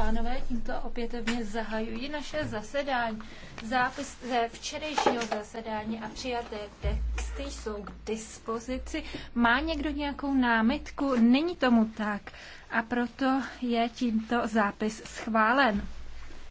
pánové, tímto opětovně zahajuji naše zasedání. Zápis ze včerejšího zasedání a přijaté texty jsou k dispozici. Má někdo nějakou námitku? Není tomu tak. A proto je tímto zápis schválen.